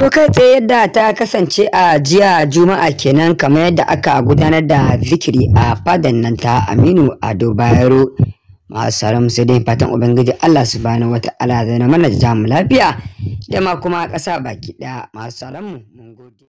To kai tsaye yadda ta kasance a jiya Juma'a kenan kamar yadda aka gudanar da zikiri a fadan nan ta Aminu Ado Bayero. Masu sai dai fatan Ubangiji Allah wata wata zai na mana jamu lafiya da ma kuma ƙasa baki ɗaya masu mu mun gode.